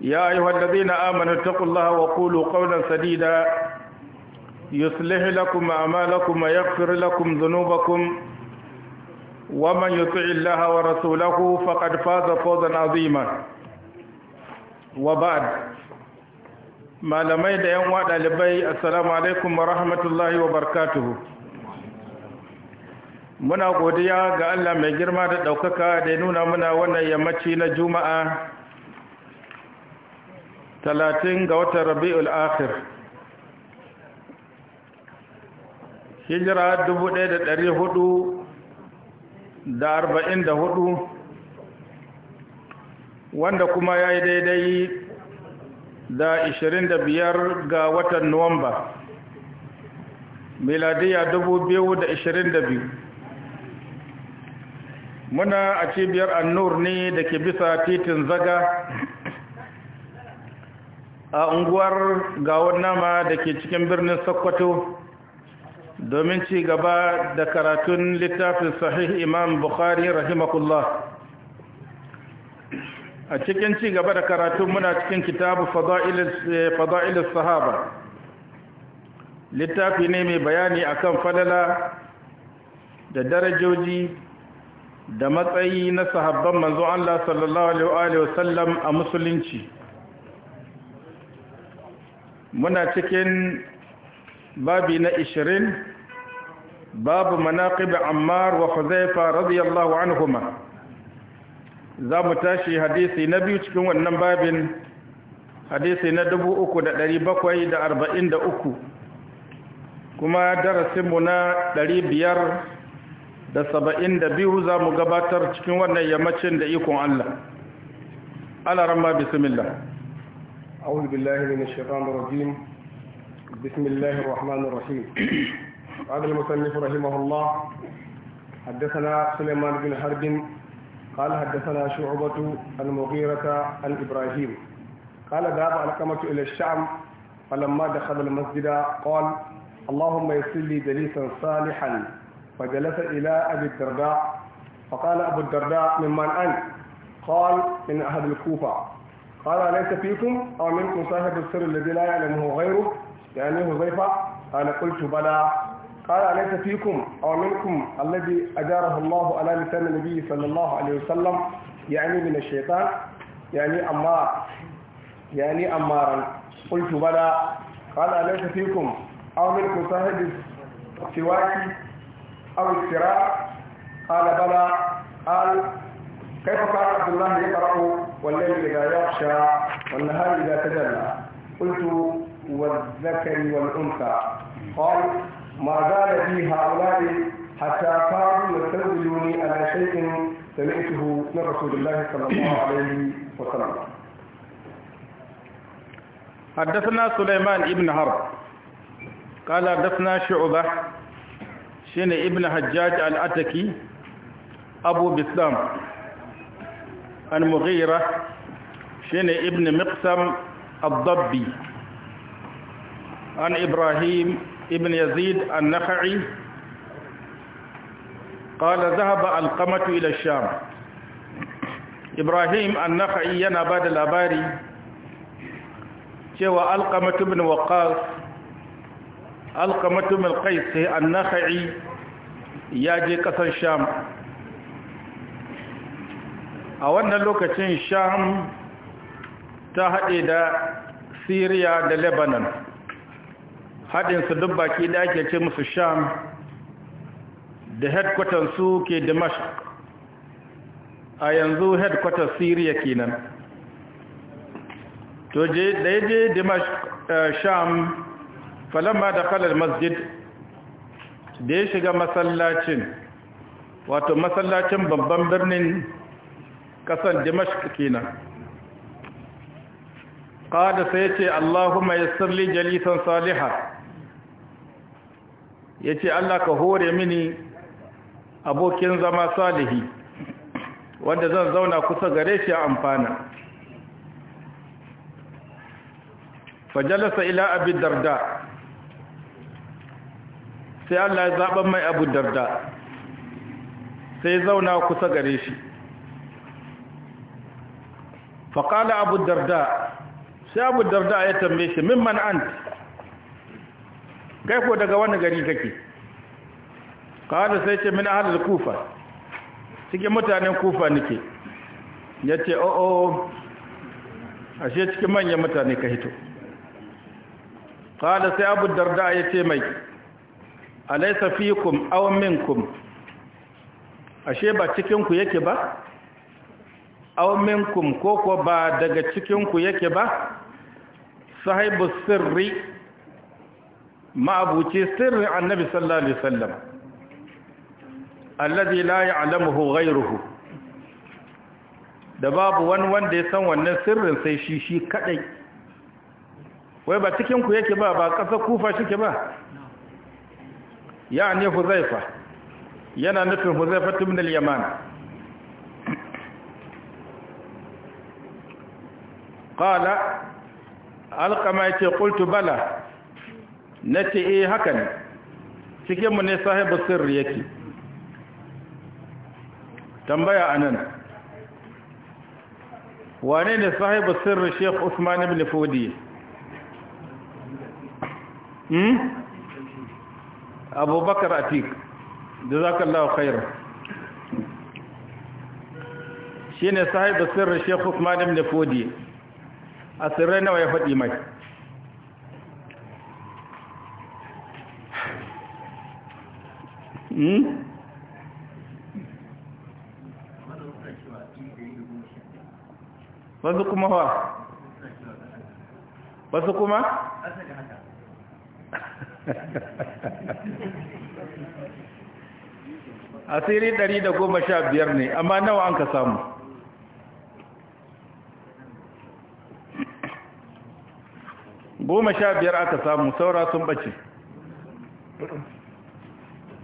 يا أيها الذين آمنوا اتقوا الله وقولوا قولا سديدا يصلح لكم أعمالكم ويغفر لكم ذنوبكم ومن يطع الله ورسوله فقد فاز فوزا عظيما وبعد ما لمي da yan wada libai assalamu alaikum wa rahmatullahi wa muna godiya ga Allah mai girma da ɗaukaka da ya nuna muna wannan yammaci na juma'a talatin ga watan rabi'ul akhir hijira 1444 wanda kuma ya yi daidai da 25 ga watan nuwamba miladiya 2022 muna a cibiyar annur ne da ke bisa titin zaga a unguwar gawar nama da ke cikin birnin sokoto domin ci gaba da karatun littafin sahih imam bukhari rahimakullah a cikin ci gaba da karatun muna cikin kitabu fada'ilis eh, sahaba littafi ne mai bayani akan falala da darajoji da matsayi na sahabban manzo Allah sallallahu alaihi wasallam a musulunci muna cikin babi na 20 babu manaqib ammar wa huzaifa radiyallahu anhuma za mu tashi hadisi na biyu cikin wannan babin hadisi na 3743 kuma darasinmu na 572 za mu gabatar cikin wannan yammacin da ikon Allah ala ramma bismillah أعوذ بالله من الشيطان الرجيم بسم الله الرحمن الرحيم قال المصنف رحمه الله حدثنا سليمان بن حرب قال حدثنا شعبة المغيرة عن إبراهيم قال ذهب علقمة إلى الشام فلما دخل المسجد قال اللهم يسر لي جليسا صالحا فجلس إلى أبي الدرداء فقال أبو الدرداء ممن أنت قال من أهل الكوفة قال أليس فيكم أو منكم صاحب السر الذي لا يعلمه غيره يعني ضيفه قال قلت بلى قال أليس فيكم أو منكم الذي أجاره الله على لسان النبي صلى الله عليه وسلم يعني من الشيطان يعني أمار يعني أمارا قلت بلى قال أليس فيكم أو منكم صاحب السواك أو السراء قال بلى قال كيف كان عبد الله يقرأ والليل إذا يغشى والنهار إذا تجلى قلت والذكر والأنثى قال ما زال بي هؤلاء حتى كانوا يستدلوني على شيء سمعته من رسول الله صلى الله عليه وسلم حدثنا سليمان ابن هرب قال حدثنا شعبة شين ابن حجاج الأتكي أبو بسلام المغيرة شن ابن مقسم الضبي عن إبراهيم ابن يزيد النخعي قال ذهب القمة إلى الشام إبراهيم النخعي ينباد الأباري شوى القمة بن وقاص القمة بن القيس النخعي ياجي قصر الشام a wannan lokacin sham ta haɗe da Siriya da lebanon haɗinsu duk baki da ake ce musu sham da headquartersu ke Dimash a yanzu headquarter syria kenan to je da ya je Dimash eh, sham falamma da kalar masjid da ya shiga masallacin wato masallacin babban birnin kasan dimashq kenan qala sai yace allahumma yassir li jalisan salihan yace allah ka hore mini abokin zama salihi wanda zan zauna kusa gare shi a amfana fajalasa ila abi darda sai Allah ya zaɓa mai abu darda sai zauna kusa gare shi faƙala abu darda sai abu darda ya tambaye shi mimman an ko daga wani gari kake ƙada sai ce min ahalar kufa cikin mutanen kufa nake ya ce o'o ashe cikin manyan mutane ka hito ƙada sai abu darda ya ce mai alaisa fikum aw minkum ashe ba cikinku yake ba aw minkum ko ko ba daga cikin ku yake ba sahibu sirri ma'abuci sirri annabi sallallahu alaihi wasallam alladhi la ya'lamuhu ghayruhu da babu wani wanda ya san wannan sirrin sai shi shi kadai wai ba cikin ku yake ba ba ƙasa kufa shike ba ya ne huzaifa yana nufin huzaifa ibn al-yaman qala alqama yace qultu bala nace eh haka ne cikin mu ne sahibu sirri yake tambaya anan wane ne sahibu sirri Sheikh Usman ibn fudi hmm Abubakar Atik jazakallahu khairan shine sahibu sirri Sheikh Usman ibn fudi asirai nawa ya faɗi mai hmm? wasu kuma wa wasu kuma? asiri 115 ne amma nawa an ka samu goma sha biyar aka samu saura sun ɓace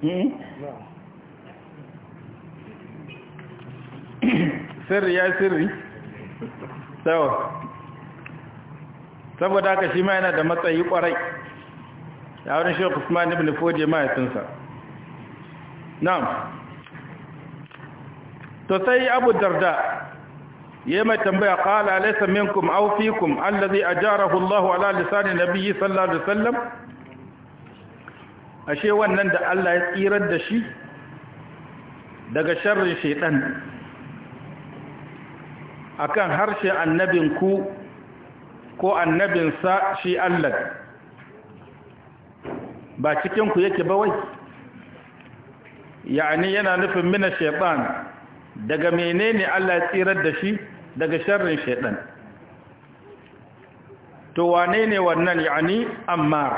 hmm? sirri ya sirri Sa'wa. saboda haka shi ma yana da matsayi kwarai ya wani shi usman ibn fodi mahaifinsa Na. to sai abu darda ya mai tambaya qala laysa minkum aw fikum allazi ajarahu Allahu ala lisan nabiyyi sallallahu alaihi wasallam ashe wannan da Allah ya tsirar da shi daga sharrin shaytan akan harshe annabin ku ko annabin sa shi Allah ba cikin ku yake ba wai Ya'ani yana nufin mina shaytan daga menene Allah ya tsirar da shi daga sharrin shaidan to wane ne wannan yani ammar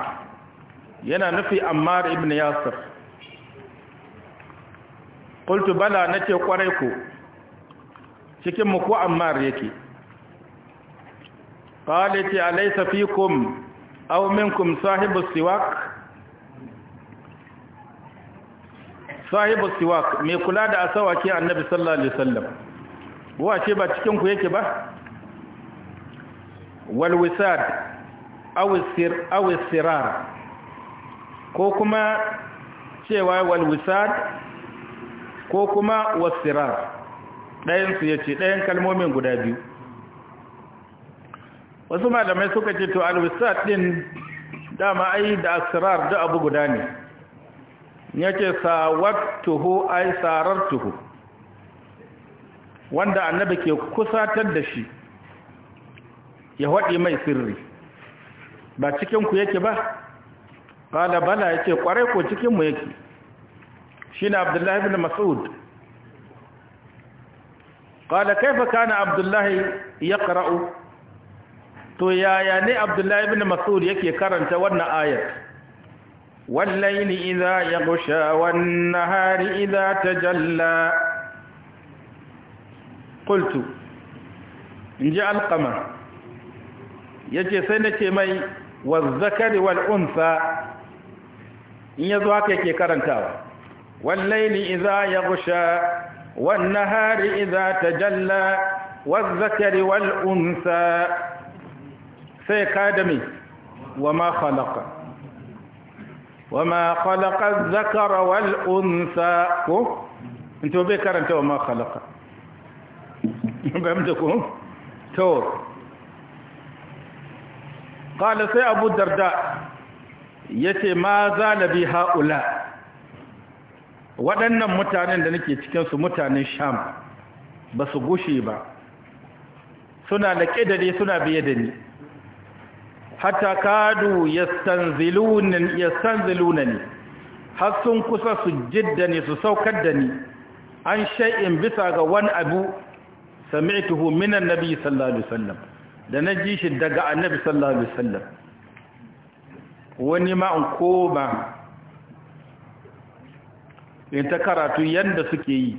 yana nufi ammar ibn yasir qultu bala nace kwarai ku cikin mu ko ammar yake qalati alaysa fikum aw minkum sahibu siwak sahibu siwak mai kula da asawaki annabi sallallahu alaihi wasallam ce ba cikin ku yake ba walwisad awisirar ko kuma cewa walwisad ko kuma wasirar ɗayansu ya ce ɗayan kalmomin guda biyu wasu malamai suka ce to alwisad ɗin dama ai da asirar da abu guda ne yake sawattuhu ai sarartuhu wanda annabi ke kusatar da shi ya waɗi mai sirri ba cikinku yake ba ƙala bala ya ce ƙwarai ko cikinmu yake shi na abdullahi bin mas'ud ƙala kaifa kana abdullahi ya ƙara'u to yaya ne abdullahi bin mas'ud yake karanta wannan ayat wallaini idza yaghsha wan nahari idza tajalla kultu in ji alkama ya ce sai na ce mai wazzakari wal'unsa in ya zo haka yake karantawa wallaili iza ya gusha wannahari iza tajalla wazzakari wal'unsa sai ka da mai wa ma khalaqa wa ma khalaqa zakara wal'unsa ko in to bai karanta wa ma khalaqa fahimta ku to qala sai abu darda yace ma zalabi haula waɗannan mutanen da nake cikin su mutanen sham ba su gushe ba suna da ƙidare suna biye da ni hatta kadu yastanziluna ni har sun kusa su jiddani ni su saukar da ni an sha'in bisa ga wani abu sami'tuhu min annabi sallallahu alaihi wasallam da na ji shi daga annabi sallallahu alaihi wasallam wani ma in koma in ta karatu yanda suke yi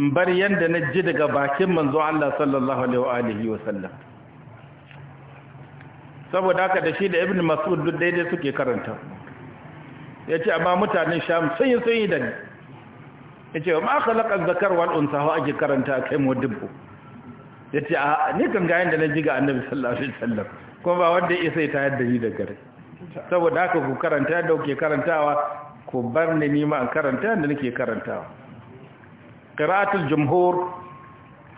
in bar yanda na ji daga bakin manzo Allah sallallahu alaihi wasallam saboda haka da shi da ibn mas'ud duk daidai suke karanta yace amma mutanen sham sun yi sun yi da ni yace ma khalaqa dhakar wal unsa wa ake karanta kai mu dubbu yace a ni kan ga yanda na ji ga annabi sallallahu alaihi wasallam ko ba wanda ya sai ta yadda ni da gare saboda haka ku karanta da kuke karantawa ku bar ni ni ma karanta da nake karantawa qira'atul jumhur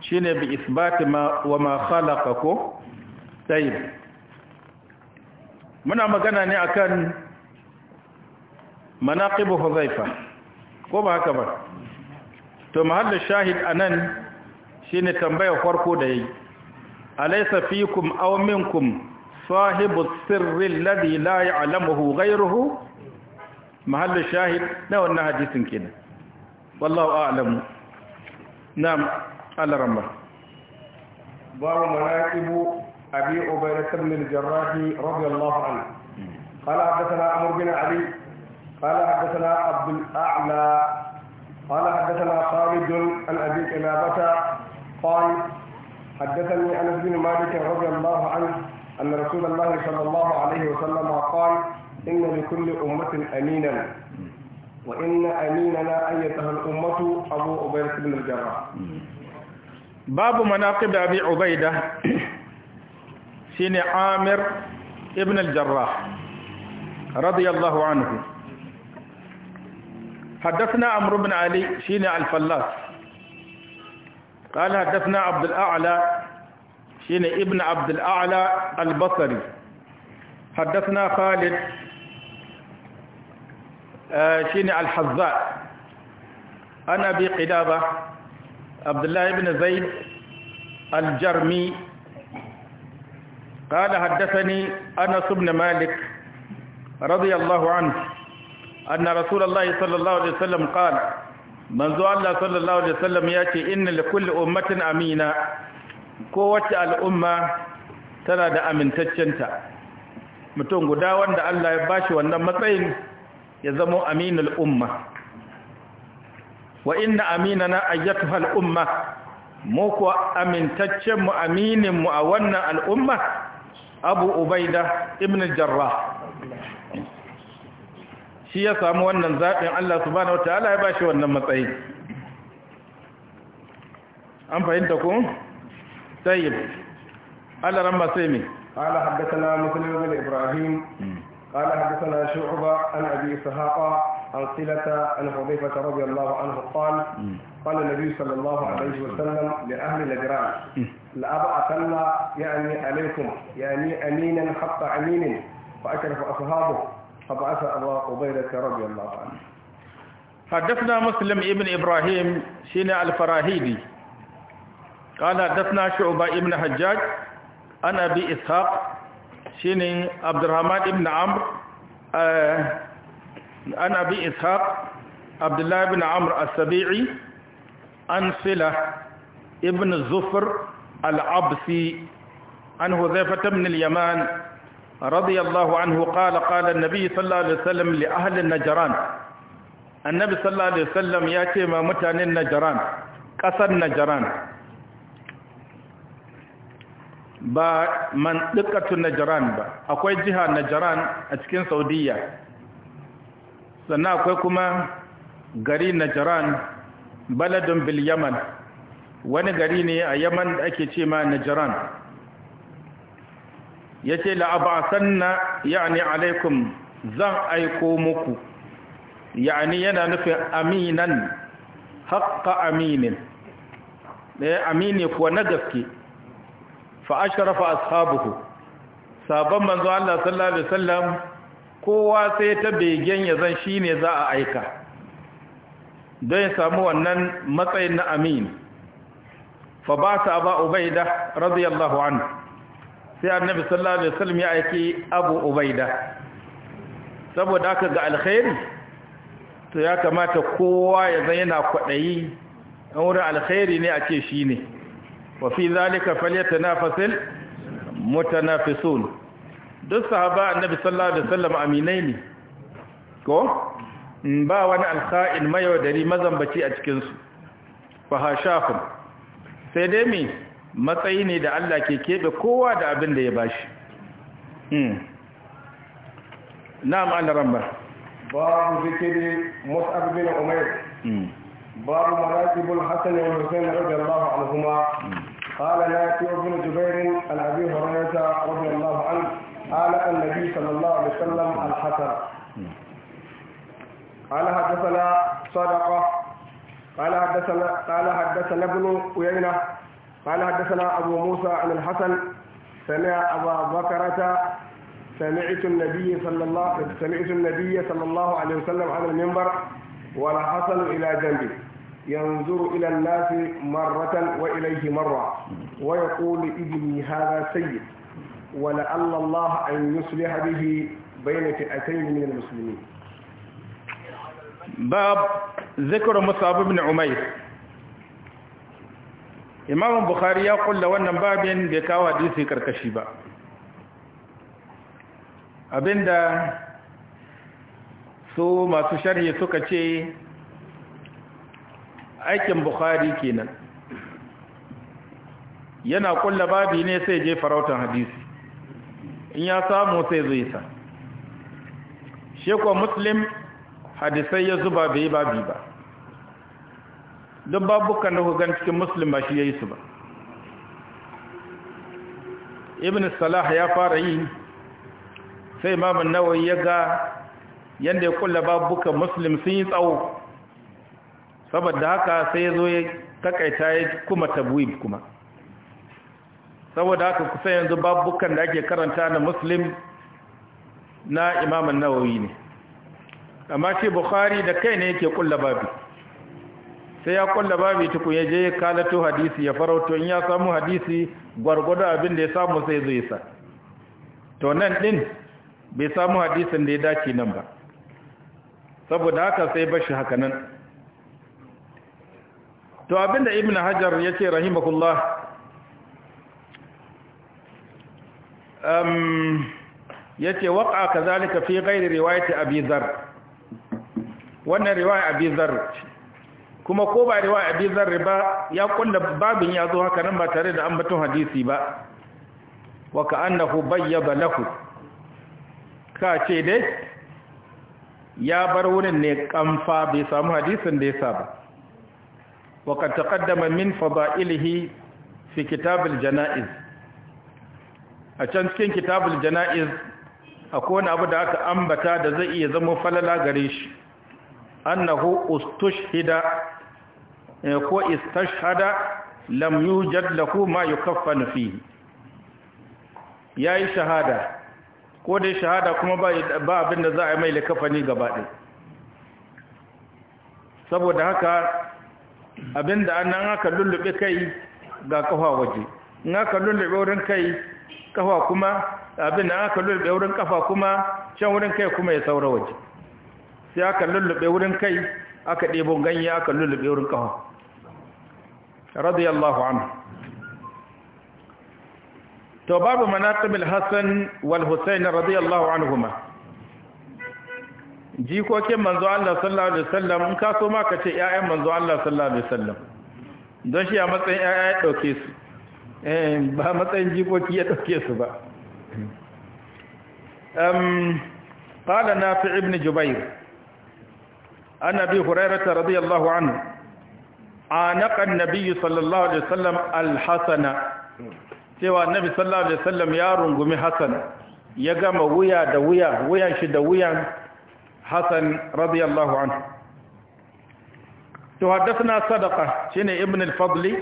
shine bi isbati ma wa ma khalaqaku tayyib muna magana ne akan manaqib huzaifa ko ba haka ba to mahallin shahid a nan shi ne tambayar farko da yayi alaysa fikum aw minkum sahibu sirri alladhi la ya'lamuhu gairuhu? mahallin shahid na wannan hadisin kenan wallahu a'lamu Na al-ramba babu manaqibu abi ubaydah bin al-jarrah radiyallahu anhu قال حدثنا عمرو بن علي قال حدثنا عبد الأعلى قال حدثنا خالد عن ابي قلابه قال حدثني انس بن مالك رضي الله عنه ان رسول الله صلى الله عليه وسلم قال ان لكل امه امينا وان اميننا ايتها الامه ابو عبيده بن الجراح باب مناقب ابي عبيده سين عامر ابن الجراح رضي الله عنه حدثنا عمرو بن علي شين الفلاس قال حدثنا عبد الأعلى شين ابن عبد الأعلى البصري حدثنا خالد آه، شين الحزاء أنا أبي قلابة عبد الله بن زيد الجرمي قال حدثني أنس بن مالك رضي الله عنه anna rasulullahi sallallahu alaihi wasallam qala manzo Allah sallallahu alaihi wasallam yace inna li kulli ummatin amina kowace al'umma tana da amintaccenta mutum guda wanda Allah ya bashi wannan matsayin ya zama aminul umma wa inna aminana ayyatuha al'umma mu kuwa amintaccen mu aminin mu a wannan al'umma abu ubaida ibn jarrah shi ya samu wannan zaɓin Allah subhanahu wataala ya bashi wannan matsayi an fahimta ku tayyib Allah ramma sai mi قال حدثنا مسلم بن ابراهيم قال حدثنا شعبة عن ابي اسحاق عن صلة عن حذيفة رضي الله عنه قال قال النبي صلى الله عليه وسلم لأهل نجران لأبعثن يعني عليكم يعني أمينا حق أمين واشرف أصحابه فبعث أبا قبيلة رضي الله عنه حدثنا مسلم ابن إبراهيم سينا الفراهيدي قال حدثنا شعبة ابن حجاج عن أبي إسحاق سينا عبد الرحمن ابن عمرو آه عن أبي إسحاق عبد الله بن عمرو السبيعي عن صلة ابن الزفر العبسي عن هذيفة بن اليمان رضي الله عنه قال قال النبي صلى الله عليه وسلم لأهل النجران النبي صلى الله عليه وسلم ياتي ما متان النجران ba mandikatun najaran ba akwai jiha najaran a cikin saudiyya sannan akwai kuma gari najaran baladun bil yaman wani gari ne a yaman da ake ce ma najaran ya ce la'abasanna ya'ani alaikum zan aiko muku ya'ani yana nufin aminan haƙƙa aminin ɗaya eh, amini kuwa na gaske fa'asharafa ashabuhu sabon manzo Allah sallallahu Alaihi wasallam kowa sai ta begen ya zan shi ne za a aika don ya samu wannan matsayin na amin fa ba sa ba ubaida radiyallahu anhu sai annabi sallallahu alaihi wasallam ya aiki abu ubaida saboda haka ga alkhairi to ya kamata kowa ya zai yana kwaɗayi an wurin alkhairi ne a ce shi ne wa fi zalika falyatanafasil mutanafisun duk sahaba annabi sallallahu alaihi wasallam aminai ne ko ba wani alkha'in mayaudari mazambaci a cikinsu fahashafin sai dai me matsayi ne da Allah ke keɓe kowa da abin da ya ba shi. Hmm. Na Allah ba. Babu zikiri Mus'ab bin Umar. Hmm. Babu maraƙibul Hassan ya wuce na ɗaukar Allah a kuma. Ala na yi wa bin Jubairun al’abin Hormata wajen Allah an ala kan Nabi sallallahu Alaihi Wasallam al-Hassan. قال حدثنا صدقه قال حدثنا قال حدثنا ابن قينه قال حدثنا أبو موسى عن الحسن سمع أبا بكرة سمعت النبي صلى الله سمعت النبي صلى الله عليه وسلم على المنبر والحسن إلى جنبه ينظر إلى الناس مرة وإليه مرة ويقول ابني هذا سيد ولعل الله أن يصلح به بين فئتين من المسلمين باب ذكر مصعب بن عمير imamun bukhari ya kulla wannan babin bai kawo hadisi karkashi ba abinda su masu sharhi suka ce aikin bukhari kenan yana kulla babi ne sai je farautan hadisi in ya samu sai zai sa shekwa muslim hadisai ya zuba bai babi ba don babukan da gan cikin musulun ba shi ya yi su ba ibn salah ya fara yi sai mamun nawa ya ga yadda ya kulla babukan musulun sun yi tsawo saboda haka sai ya zo ya takaita ya kuma tabwib kuma saboda haka kusa yanzu babukan da ake karanta na muslim na imamun nawawi ne amma shi bukhari da kai ne yake kulla babu sai ya kulla babi tuku ya je kalato hadisi ya farauto in ya samu hadisi gwargwado abin da ya samu sai zai sa to nan din bai samu hadisin da ya dace nan ba saboda haka sai bashi haka nan to abinda ibn hajar ya ce rahimahullah um, ya ce waƙa ka zalika fi gairi riwayati abizar wannan riwaya abizar ce kuma ko ba riwa abi zarri ba ya kulla babin ya zo haka nan ba tare da an ambaton hadisi ba wa ka'annahu bayyaba lahu ka ce dai ya bar wurin ne kamfa bai samu hadisin da yasa ba wa ka taqaddama min fada'ilihi fi kitab janaiz a can cikin kitab janaiz akwai wani abu da aka ambata da zai iya zama falala gare shi annahu ustushhida Eh, ko istashhada lam yujad lahu ma yukaffanu fi yayi shahada ko dai shahada kuma ba abin da za a yi mai likafani gaba ɗaya saboda haka abin da an aka lullube kai ga kafa waje in aka lullube wurin kai kafa kuma abin da aka lullube wurin kafa kuma can wurin kai kuma ya saura waje sai aka lullube wurin kai aka ɗebo ganye aka lullube wurin kafa radiyallahu anhu to babu manaqib al-hasan wal husayn radiyallahu anhuma jikokin manzo Allah sallallahu alaihi wasallam in ka so ma ka ce ƴaƴan manzo Allah sallallahu alaihi wasallam don shi a matsayin ƴaƴa ya dauke su eh ba matsayin jikoki ya dauke su ba um qala nafi ibn jubair an abi hurairah radiyallahu anhu anaka Nabiyyu sallallahu alaihi wasallam alhasana cewa Nabi sallallahu alaihi wasallam ya rungumi hasan ya gama wuya da wuya wuyan shi da wuyan hasan radiyallahu anhu to haddathna sadaqa shine ibn al-fadli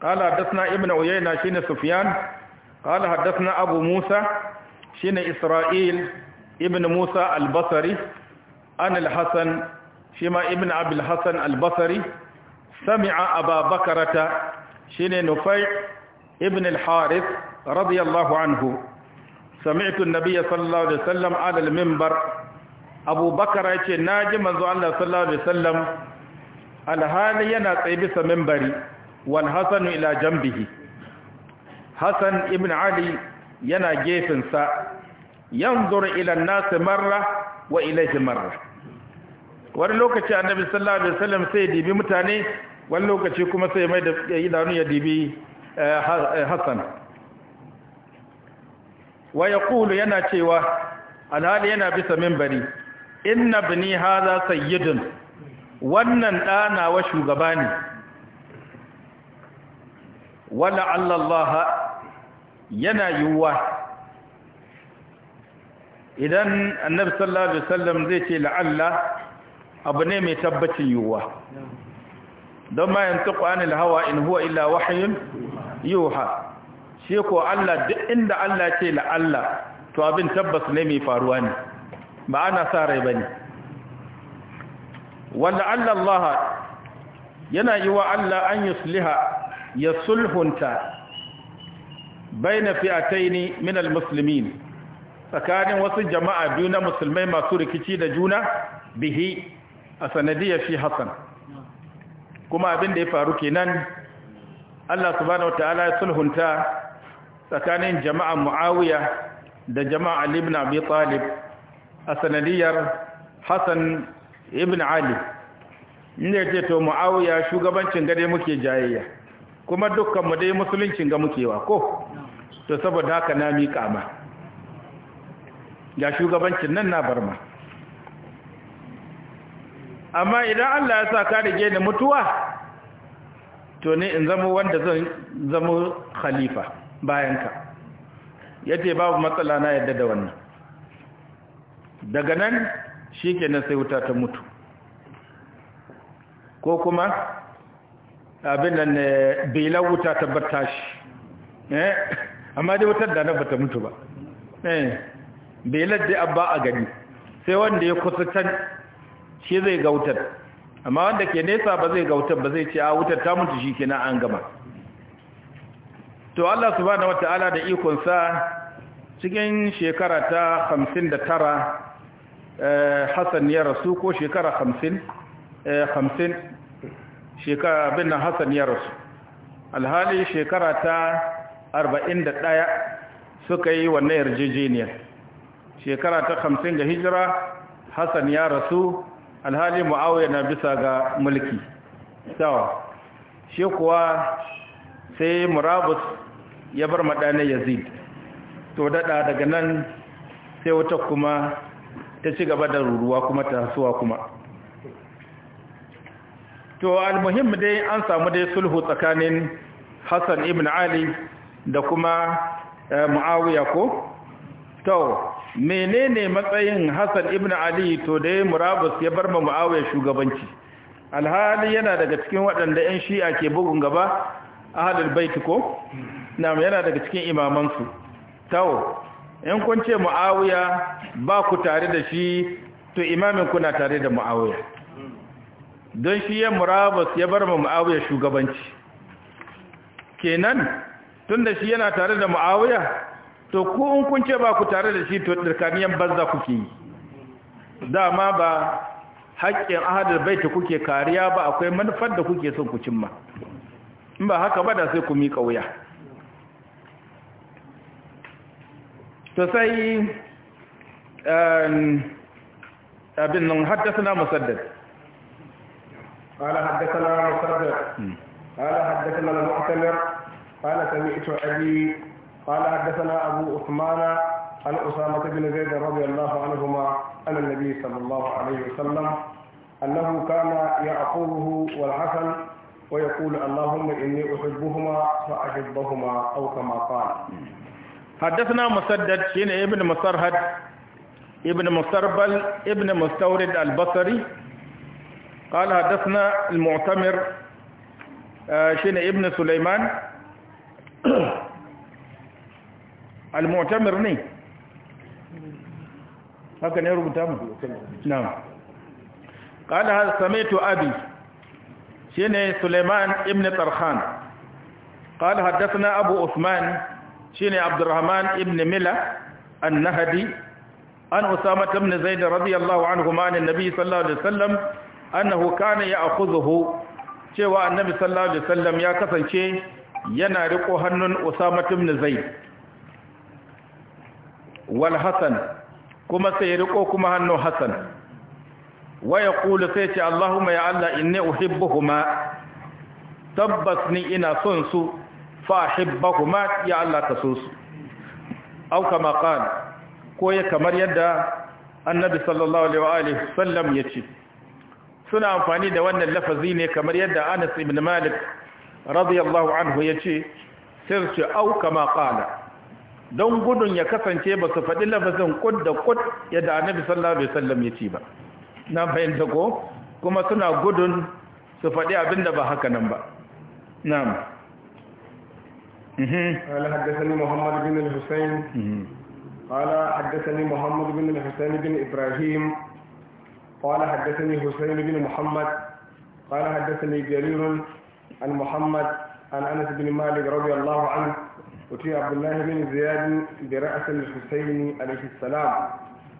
qala haddathna ibn uyayna shine sufyan qala haddathna abu musa shine isra'il ibn musa al-basri an al-hasan shima ibn abul hasan al-basri sami'a aba bakarata shine nufai ibn al-harith radiyallahu anhu sami'tu an-nabiy sallallahu alaihi wasallam ala al-minbar abu bakar yace naji manzo Allah sallallahu alaihi wasallam alhali yana tsaye bisa minbari wal hasan ila janbihi hasan ibn ali yana gefensa yanzur ila an-nas wa ilayhi marra wani lokaci annabi sallallahu alaihi wasallam sai dibi mutane wani lokaci kuma sai mai da idanu ya dibi eh, eh, hassan wa ya kulu yana cewa alhali yana bisa mimbari inna bini haza sayyidun wannan ɗanawa shugaba ne Wani allallaha yana yiwuwa idan annabi sallallahu alaihi wasallam zai ce la'alla abu ne mai tabbacin yiwuwa don ma yantiqu anil hawa in huwa illa wahyun yuha shi ko Allah duk inda Allah ce la'alla to abin tabbas ne mai faruwa ne ba ana sa rai bane wanda Allah Allah yana yi wa Allah an yusliha ya sulhunta a taini min musulmi tsakanin wasu jama'a biyu na musulmai masu rikici da juna bihi a sanadiyar shi Hassan kuma abin da ya faru kenan Allah subhanahu wataala ya sulhunta tsakanin jama'a Muawiya da jama'a Ali ibn Abi Talib a sanadiyar Hassan ibn Ali inda yake to Muawiya shugabancin gade muke jayayya kuma dukkan mu dai musuluncin ga muke wa ko to saboda haka na miƙa ma ga shugabancin nan na barma amma idan Allah ya sa ka rige ni mutuwa to ne in zama wanda zan zama khalifa bayanka yace babu matsala na yadda da wannan daga nan shikenan sai wuta ta mutu ko kuma abin nan eh, la wuta ta barta shi eh amma dai wutar da na bata mutu ba eh la dai abba a gani sai wanda ya kusa can shi zai ga wutar amma wanda ke nesa ba zai ga wutar ba zai ce a wutar ta mutu shi kenan an gama to Allah subhanahu ta'ala da ikon sa cikin shekara ta 59 eh, Hassan ya rasu ko shekara 50 50 shekara bin Hassan ya rasu alhali shekara ta 41 suka yi wannan yarjejeniya shekara ta 50 ga hijira Hassan ya rasu alhali mu'awiyar na bisa ga mulki sawa shi kuwa sai murabus ya bar maɗanar yazid to daɗa daga nan sai wata kuma ta ci gaba da ruruwa kuma ta hasuwa kuma to almuhim dai an samu dai sulhu tsakanin hassan ibn ali da kuma eh, mu'awiya ko to menene matsayin Hassan ibn Ali to da ya murabus ya bar Muawiya shugabanci alhali yana daga cikin waɗanda ƴan Shi'a ke bugun gaba ahlul bait ko na'am yana daga cikin imaman su tawo in kun ce Muawiya ba ku tare da shi to imamin kuna tare da Muawiya don shi ya murabus ya bar Muawiya shugabanci kenan tunda shi yana tare da Muawiya to ku in kun ce ba ku tare da shi to dirkaniyan banza kuke yi dama ba haƙƙin ahadar baita kuke kariya ba akwai manufar da kuke son ku cimma in ba haka ba da sai ku miƙa wuya to sai ehm, abin nan haddasa na musaddad قال حدثنا قال حدثنا المعتمر قال سمعت أبي قال حدثنا أبو عثمان عن أسامة بن زيد رضي الله عنهما عن النبي صلى الله عليه وسلم أنه كان يعقوبه والحسن ويقول اللهم إني أحبهما فأحبهما أو كما قال حدثنا مسدد شين ابن مسرهد ابن مستربل ابن مستورد البصري قال حدثنا المعتمر آه، شين ابن سليمان al-mu'tamir ne haka ne rubuta mu na'am qala sami'tu abi shine Suleiman ibn Tarhan Abu حدثنا أبو عثمان Ibn Mila الرحمن ابن an النهدي عن أسامة بن زيد رضي الله عنهما عن النبي صلى الله عليه وسلم أنه كان cewa annabi sallallahu alaihi wasallam ya kasance yana riko hannun Usama ibn Zaid wal hasan kuma sai ya riko kuma hannu hasan waya kula sai ce Allahumma ya Allah inni uhibbuhuma tabbas ni ina son su fa uhibbahuma ya Allah ka so su au kama qala ko ya kamar yadda annabi sallallahu alaihi wa sallam yace suna amfani da wannan lafazi ne kamar yadda Anas ibn Malik radiyallahu anhu yace sirce au kama qala don gudun ya kasance ba su faɗi lafazin kud da kud yadda annabi sallallahu alaihi wasallam ya ce ba na fahimta ko kuma suna gudun su faɗi abinda ba haka nan ba na'am قال حدثني محمد بن Husayn. قال حدثني Muhammad bin الحسين بن إبراهيم قال حدثني حسين بن محمد قال حدثني جرير عن محمد عن أنس بن مالك رضي الله عنه أتي عبد الله بن زياد برأس الحسين عليه السلام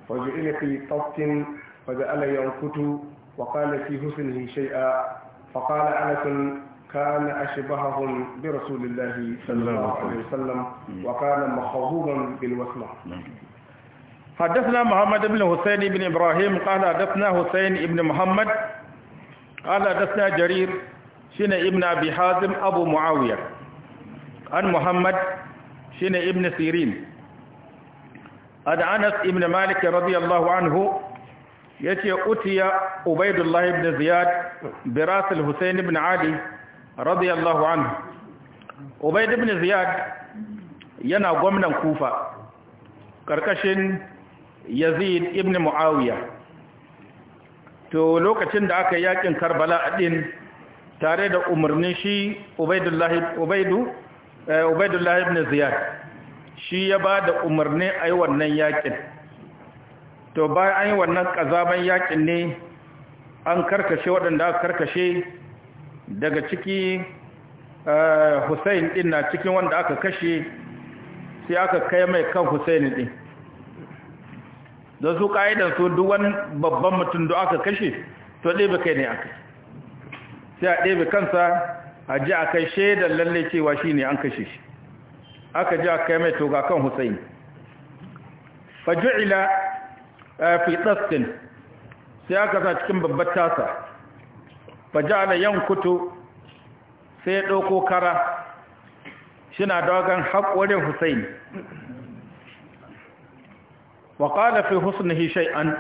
وجعل في طفت فجعل ينكت وقال في حسنه شيئا فقال أنس كان أشبههم برسول الله صلى الله عليه وسلم وكان مخضوبا بالوسمة حدثنا محمد بن حسين بن إبراهيم قال حدثنا حسين بن محمد قال حدثنا جرير شين ابن أبي حازم أبو معاوية an muhammad shine ibn sirin ad anas ibn malik radiyallahu anhu yace utiya ubaidullah ibn ziyad bi ras ibn ali radiyallahu anhu ubaid ibn ziyad yana gwamnan kufa karkashin yazid ibn muawiya to lokacin da aka yakin karbala ɗin tare da umarnin shi ubaidu Eh, ubaidullah ibn ziyad shi ya ba da umarni a yi wannan yakin to bayan an yi wannan ƙazaban yakin ne an karkashe waɗanda aka karkashe daga ciki eh, hussein ɗin na cikin wanda aka kashe sai aka kai mai kan hussein ɗin don su ƙa'idan su duk wani babban mutum da aka kashe to ɗebe kai ne aka sai a ɗebe kansa a ji a kai shaidar lalle cewa shi ne an kashe shi aka ji a kai mai toga kan husaini a eh, fi tsastin sai aka sa cikin babbar tasa yan kutu sai ya ɗauko kara shi na dogon haƙorin husaini wa ƙada fi husnihi an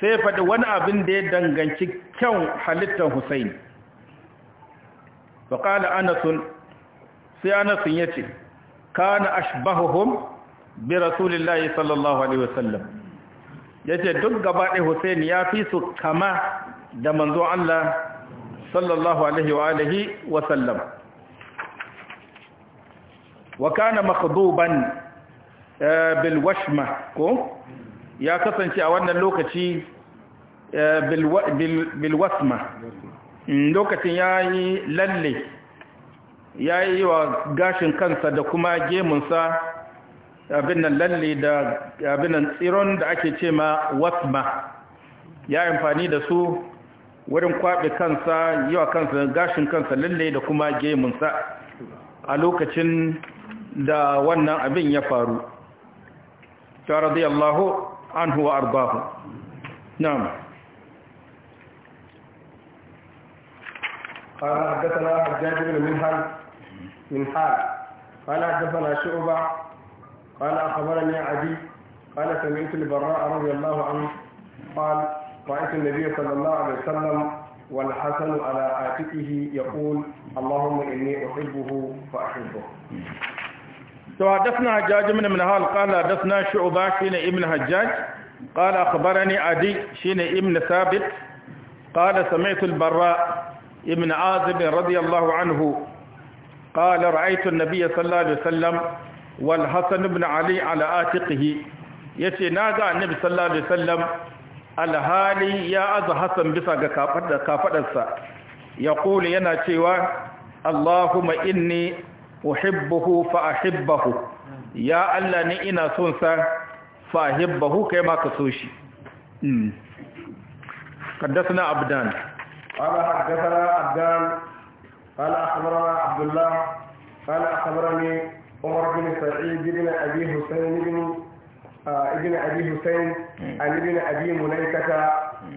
sai faɗi wani abin da ya danganci kyan halittar husaini wa qala anasun sai anasun ya yace kana ashbahuhum bi rasulillahi sallallahu alaihi wasallam ce duk gaba ɗaya Hussein ya fi su kama da manzo Allah sallallahu alaihi wa sallam wa kana makhduban eh, bil washma ko ya kasance a wannan lokaci eh, bil wasma lokacin ya yi lalle ya yi wa gashin kansa da kuma gemunsa abin nan lalle da abin nan tsiron da ake ce ma wasma ya amfani da su wurin kwaɓe kansa yi wa kansa gashin kansa lalle da kuma gemunsa a lokacin da wannan abin ya faru ta radiyallahu anhu wa arbahu na'am قال حدثنا حجاج بن منهل من حال قال حدثنا شعبة قال أخبرني عدي قال سمعت البراء رضي الله عنه قال رأيت النبي صلى الله عليه وسلم والحسن على عاتقه يقول اللهم إني أحبه فأحبه حدثنا حجاج بن منهل قال حدثنا شعبة شين ابن حجاج قال أخبرني عدي شين ابن ثابت قال سمعت البراء ابن عازب رضي الله عنه قال رأيت النبي صلى الله عليه وسلم والحسن بن علي على آتقه يتي ناغا النبي صلى الله عليه وسلم alhali ya aza Hassan bisa ga kafadarsa ya kula yana cewa Allahumma inni uhibbuhu fa ahibbahu ya Allah ni ina son sa fa ahibbahu kai ma ka قال حدثنا عبدان قال أخبرنا عبد الله قال أخبرني عمر بن سعيد بن أبي حسين بن آه، ابن أبي حسين عن ابن أبي مليكة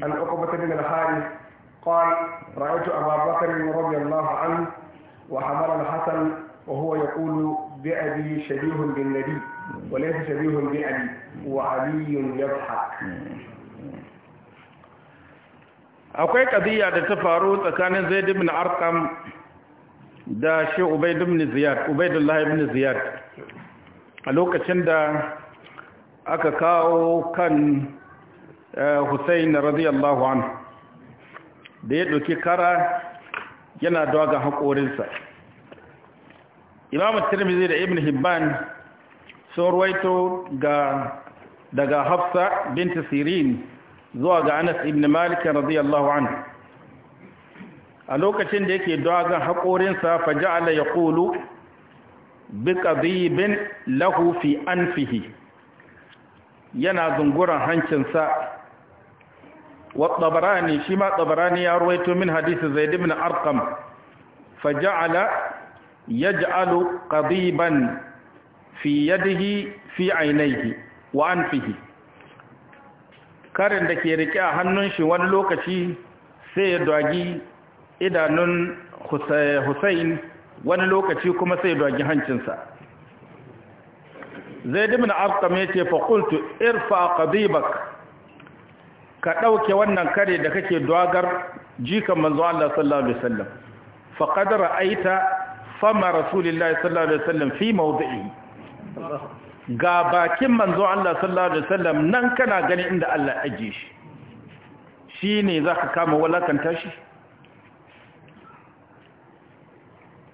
عن عقبة بن الحارث قال رأيت أبا بكر رضي الله عنه وحمل الحسن وهو يقول بأبي شبيه بالنبي وليس شبيه بأبي وعلي يضحك akwai kadiyya da ta faru tsakanin zaid ibn arqam da shi ubayd ibn ziyad a lokacin da aka kawo kan eh, husayn radiyallahu anhu da ya ɗauki kara yana daga haƙorinsa imamu tirmidhi da ibn hibban sun ruwaito daga hafsa binta sirin zuwa ga Anas ibn Malik radiyallahu anhu a lokacin da yake dogon haƙorinsa fa ja'ala yaqulu bi qadibin lahu fi anfihi yana zunguran hancinsa wa tabarani shi ma tabarani ya ruwaito min hadisi Zaid ibn Arqam fa ja'ala yaj'alu qadiban fi yadihi fi ainihi wa anfihi karin da ke rike a hannun shi wani lokaci sai ya dwagi idanun Hussein wani lokaci kuma sai ya dwagi hancinsa zai dimina afkam ya ce fakultu irfa ƙazibak. ka ɗauke wannan kare da kake dwagar jikan manzo Allah sallallahu alaihi wasallam fa qad ra'aita fama rasulillahi sallallahu alaihi wasallam fi mawdi'i ga bakin manzo Allah sallallahu alaihi wasallam nan kana gani inda Allah aje shi shine zaka kama walakanta shi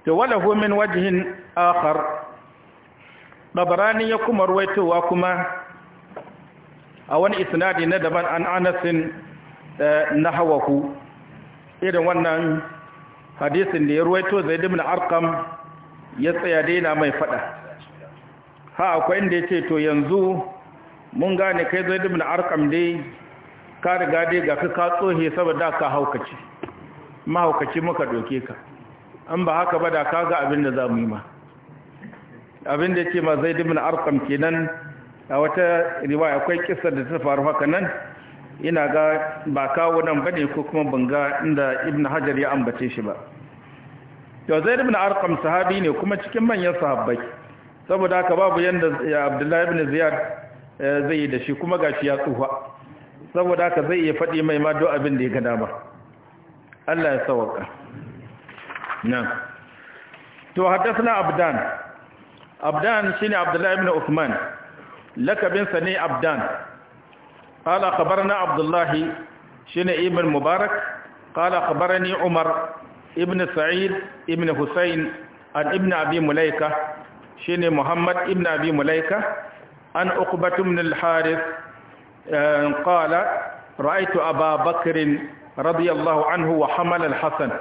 to walahu min wajhin akhar dabarani ya kuma ruwaitowa kuma a wani isnadi na daban an anasin eh, na irin wannan hadisin da ya ruwaito zai ibn arkam ya tsaya daina mai fada ha akwai inda ya ce to yanzu mun gane kai zai dubin arkam dai ka riga dai ga ka tsohe saboda ka haukaci mahaukaci muka doke ka an ba haka ba da ka ga abin da za mu yi ma abin da ya ce ma zai dubin arkam kenan a wata riwaya akwai kisar da ta faru haka nan ina ga ba kawo nan bane ko kuma banga inda ibn hajar ya ambace shi ba to zaid ibn arqam sahabi ne kuma cikin manyan sahabbai saboda haka babu yadda abdullahi ibn ziyad eh, zai yi da shi kuma gashi ya tsufa saboda haka zai iya faɗi mai ma do abin da ya ga dama Allah ya sawaka nan to haddathna abdan abdan shine abdullahi ibn usman lakabinsa sa ne abdan qala khabarna abdullahi shine ibn mubarak qala khabarani umar ibn sa'id ibn husayn al ibn abi mulaika shine Muhammad ibn Abi Mulaika an Uqbat ibn al-Harith eh, qala ra'aytu Aba Bakr radiyallahu anhu wa hamal al-Hasan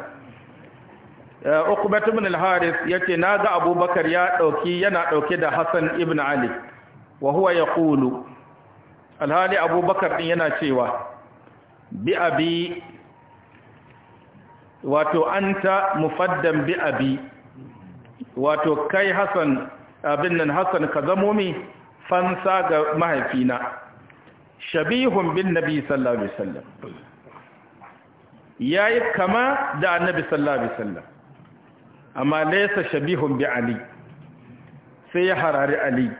eh, Uqbat ibn al-Harith yace naga abubakar ya dauki yana dauke da Hassan ibn Ali wa huwa yaqulu alhali Abu Bakar din yana cewa bi abi wato anta mufaddan bi abi wato kai Hassan abin nan Hassan ka zamo mi fansa ga mahaifina shabihun bin nabi sallallahu alaihi wasallam yayi kama da annabi sallallahu alaihi wasallam amma laysa shabihun bi ali sai ya harari ali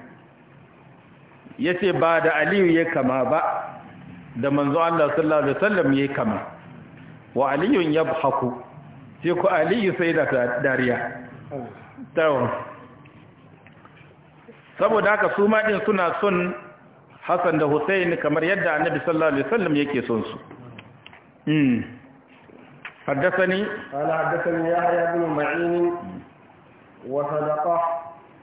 yace ba da aliyu ya kama ba da manzo Allah sallallahu alaihi wasallam ya kama wa aliyun yabhaku sai ku aliyu sai da dariya tawo saboda haka su maɗin suna son hassan da hussein kamar yadda annabi sallallahu alaihi wasallam yake son su hmm. haddasani ala haddasani ya haɗu ma'ini wa sadaqa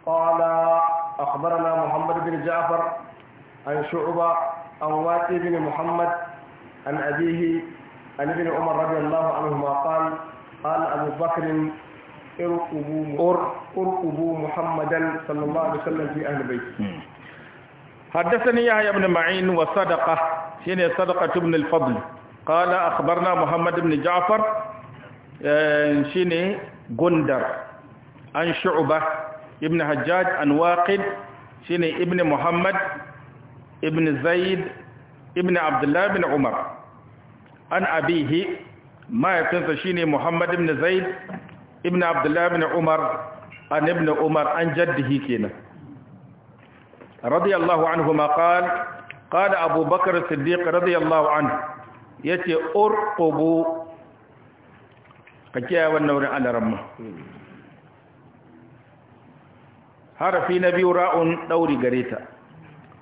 qala akhbarana muhammad bin ja'far an shu'ba an waqi bin muhammad an abeehi an ibn umar radiyallahu anhu ma qala qala abu bakr ارقبوا محمدا صلى الله عليه وسلم في أهل بيته حدثني يحيى بن معين وصدقة شين صدقة بن الفضل قال أخبرنا محمد بن جعفر شين غندر عن شعبة ابن حجاج عن واقد شين ابن محمد ابن زيد ابن عبد الله بن عمر عن أبيه ما يتنسى شين محمد بن زيد ibn abdullahi ibn umar an ibn umar an jaddihi kenan radiyallahu anhu ma qal qala abu bakr siddiq radiyallahu anhu yace urqubu ka kiyaye wannan wurin alaramma harafi na biyu ra'un dauri gareta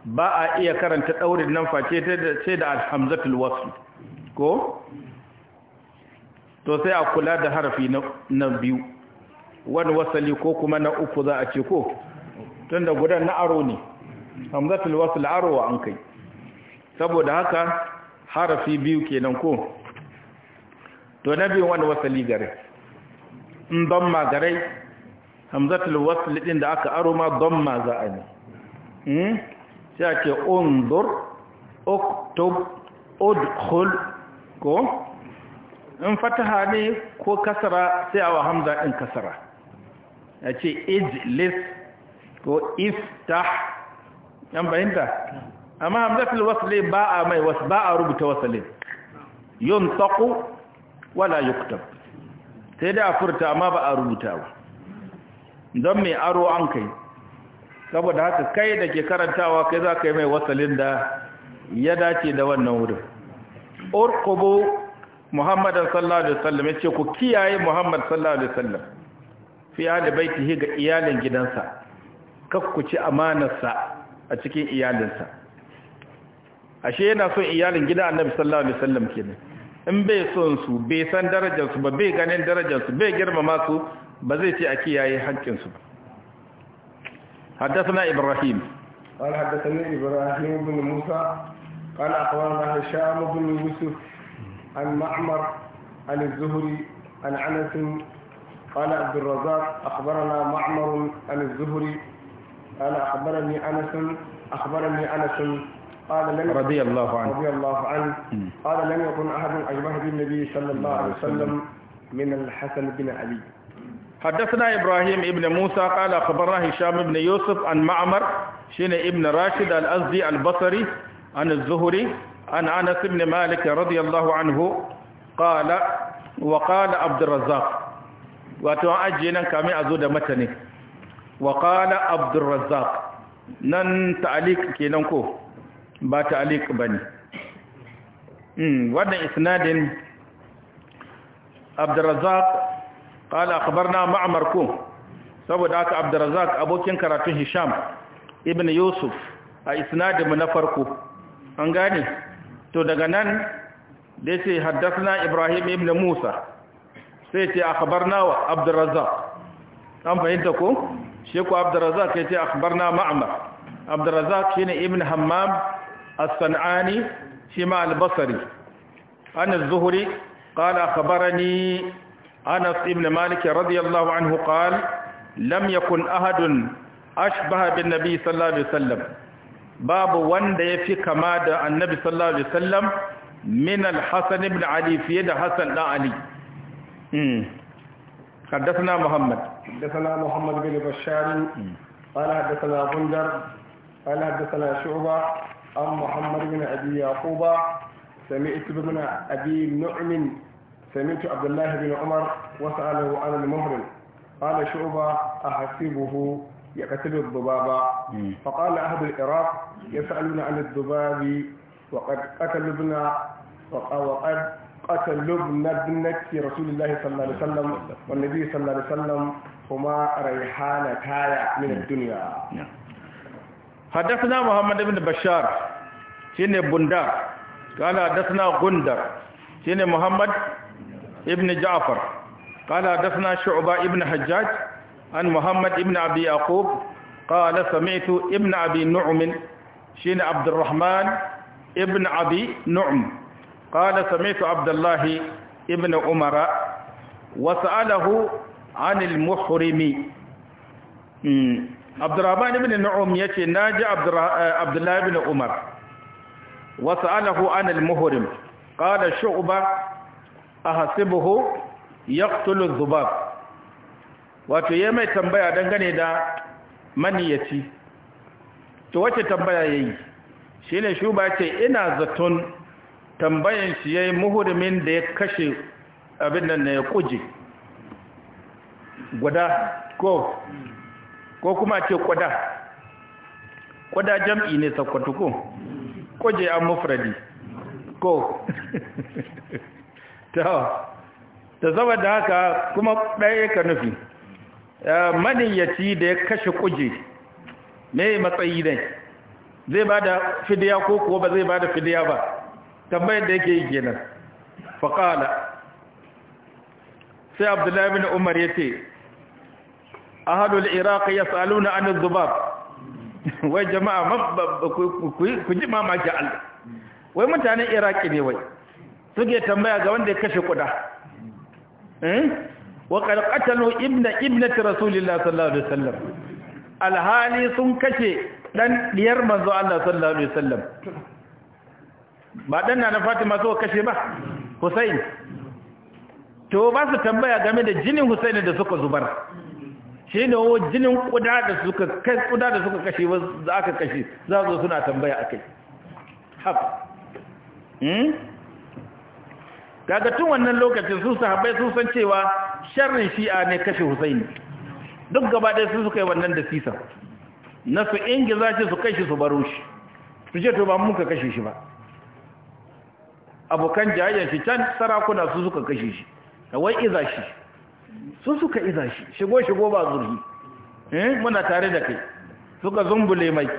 ba a iya karanta daurin nan face sai da alhamzatul Wasu ko to sai a kula da harafi na biyu wani wasali ko kuma na uku za a ce ko tun da gudan na aro ne hamzatul wasul arowa an kai saboda haka harafi biyu kenan ko to na biyu wani wasali gare in don gare hamzatul wasul din da aka aro ma don ma za a ne hmm? sai a ce unzur uktub udkhul ko in fataha ne ko kasara sai awa hamza ɗin kasara ya ce ijlis ko iftah yan bayinta amma hamzatul wasle ba a mai wasu ba a rubuta wasalin yun taku wala yuktab sai da a furta amma ba a rubuta ba don mai aro an kai saboda haka kai da ke karantawa kai za ka yi mai wasalin da ya dace da wannan wurin orkobo muhammadan sallallahu alaihi wasallam ya ce ku kiyaye muhammad sallallahu alaihi wasallam fi ahli baitihi ga iyalin gidansa kakku ci amanarsa a cikin iyalinsa ashe yana son iyalin gidan annabi sallallahu alaihi wasallam kenan in bai son su bai san darajar su ba bai ganin darajar su bai girmama su ba zai ce a kiyaye haƙƙin su ba حدثنا إبراهيم قال حدثني إبراهيم بن موسى قال أخبرنا هشام بن يوسف عن معمر عن الزهري عن أنس قال عبد الرزاق أخبرنا معمر عن الزهري قال أخبرني أنس أخبرني أنس قال لم رضي الله عنه رضي الله عنه قال لم يكن أحد أجمه بالنبي صلى الله عليه وسلم من الحسن بن علي حدثنا إبراهيم ابن موسى قال أخبرنا هشام بن يوسف عن معمر شين ابن راشد الأزدي البصري عن الزهري عن أنس بن مالك رضي الله عنه قال وقال عبد الرزاق واتو أجينا كامي أزود متني وقال عبد الرزاق نن تعليق كينانكو با تعليق بني امم وانا إسناد عبد الرزاق قال أخبرنا معمركم saboda haka abdurazak abokin karatun hisham ibn yusuf a isnadinmu na farko an gane to daga nan da ce haddasa ibrahim ibn musa sai ce akhbarna wa abdurrazzaq an fahimta ko shi ko abdurrazzaq ya ce akhbarna ma'mar abdurrazzaq shine ibn hammam as-sanani shi ma Albasari, basri an az-zuhri qala akhbarani anas ibn malik radiyallahu anhu qala lam yakun ahadun ashbaha bin nabi sallallahu alaihi wasallam babu wanda ya fi kama da annabi sallallahu alaihi wasallam min al-hasan ibn ali fiye da hasan dan ali حدثنا محمد حدثنا محمد بن بشار قال حدثنا بندر قال حدثنا شعبة عن محمد بن أبي يعقوب سمعت ابن أبي نعم سمعت عبد الله بن عمر وسأله عن المهر قال شعبة أحسبه يقتل الضبابة فقال أهل العراق يسألون عن الذباب وقد قتل ابن وقد قتل ابن ابنك رسول الله صلى الله عليه وسلم والنبي صلى الله عليه وسلم هما ريحانتايا من الدنيا نعم. حدثنا محمد بن بشار سين بندار قال حدثنا غندر سين محمد ابن جعفر قال حدثنا شعبة ابن حجاج عن محمد ابن أبي يعقوب قال سمعت ابن أبي نعم شين عبد الرحمن ابن أبي نعم قال سمعت عبد الله ابن عمر وسأله عن المحرم عبد الرحمن بن نعم يتي ناجي عبد, عبد الله بن عمر وسأله عن المحرم قال شعبة أحسبه يقتل الذباب wato ya mai tambaya dangane da maniyaci to wace tambaya yayi ne shuba ce ina zaton tambayan shi yayi muhurmin da ya kashe abin nan ne ya kuje guda ko ko kuma ce kwada kwada jam'i ne sakwato ko kuje an mufradi ko ta zama da haka kuma ɗaya ka nufi maniyyaci da ya kashe kuje me matsayi ne zai ba da fidiya ko kuwa ba zai ba da fidiya ba tambayar da yake yi kenan faƙala sai abdullahi bin umar ya ce ahadul iraq ya saluna an zubab wai jama'a ku ji mamaki allah wai mutanen iraki ne wai suke tambaya ga wanda ya kashe kuda hmm? Waƙar qad qatalu ibna ibnati rasulillah sallallahu alaihi wasallam alhali sun kace dan diyar manzo Allah sallallahu alaihi wasallam ba dan na Fatima so kashe ba Husain. to ba su tambaya game da jinin Husain da suka zubar shi ne wo jinin kuda da suka kai kuda da suka kashe ba za aka kashe za su suna tambaya akai haf hmm kaga tun wannan lokacin su sahabbai sun san cewa sharrin shi'a ne kashe husaini duk gaba ɗaya sun suka yi wannan da sisa na su ingiza shi su kai shi su baro shi su ce to ba muka kashe shi ba abokan jayayyar shi can sarakuna su suka kashe shi kawai iza shi su suka iza shi shigo shigo ba zurhi eh, muna tare da kai suka zumbule mai